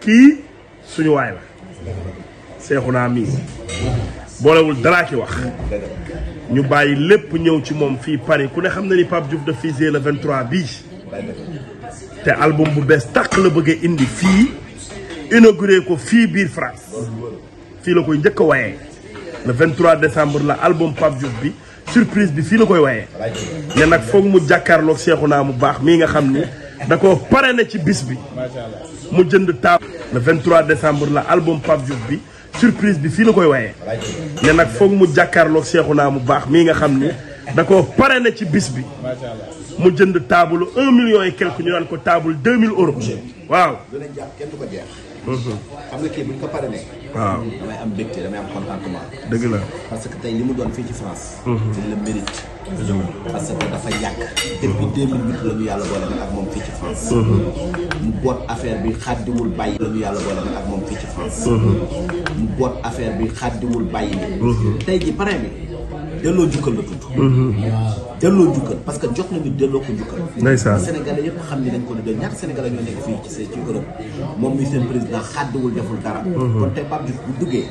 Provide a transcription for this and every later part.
kii suñu waay la naa mii boolewul dalaa ki wax ñu bàyyi lépp ñëw ci moom fii Paris ku ne xam na ni Pape Diouf daf fii le 23 bii te album bu bees tàq la bëggee indi fii inauguré ko fii biir France fii la koy njëkk a wayee vingt trois décembre la album Pape Diouf bi surprise bi fii la koy wayee ne nag foog mu jàkkaarloog naa mu baax mii nga xam ni da ko pare na ci bis bi mu jënd taab le 23 decembre la album Pape Diouf bi surprise bi fii la koy waaye ne nag foog mu jàkkaarloog naa mu baax mii nga xam ni da ko pare na ci bis bi mu jënd table un million et quelque ñu naan ko taabul deux mille euros waaw dinañ jàpp kenn du ko jeex mhm. xam nga kii damay am mbégte damay dëgg la parce que tey li mu doon fii ci France mhm. c'est le mérite parce que dafa yàgg depuis mhm. deux mille huit la ñu yàlla boole nag ak moom fii ci France mu boot affaire bi xàddiwul bàyyi la ñu yàlla boole nag ak moom fii ci France mu boot affaire bi xàddiwul bàyyi bi tey ji pare bi delloo jukkal la tudd. Mm-hmm. delloo jukkal parce que jox nañu delloo ko jukkal. ndeysaan Sénégalais yëpp xam ni dañ ko doon ñaar Sénégalais ñoo nekk fii ci ci Europe moom mi seen président xàdduwul deful dara. Mm-hmm. kon tey Pape Diouf bu duggee.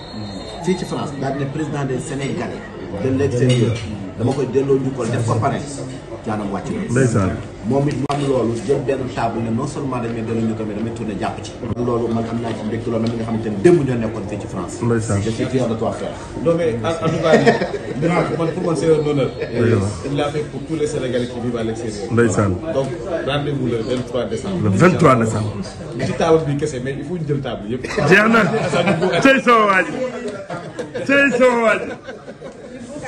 fii ci France daal ne président des Sénégalais. de l'extérieur dama koy delloo njukkal def ko pare caanam wàcc na. ndeysaan moom it mu am loolu jël benn table ne non seulement dañ may delloo njukkal mais damay tourné jàpp ci. loolu de toi frère. non mais donc rendez-vous le 23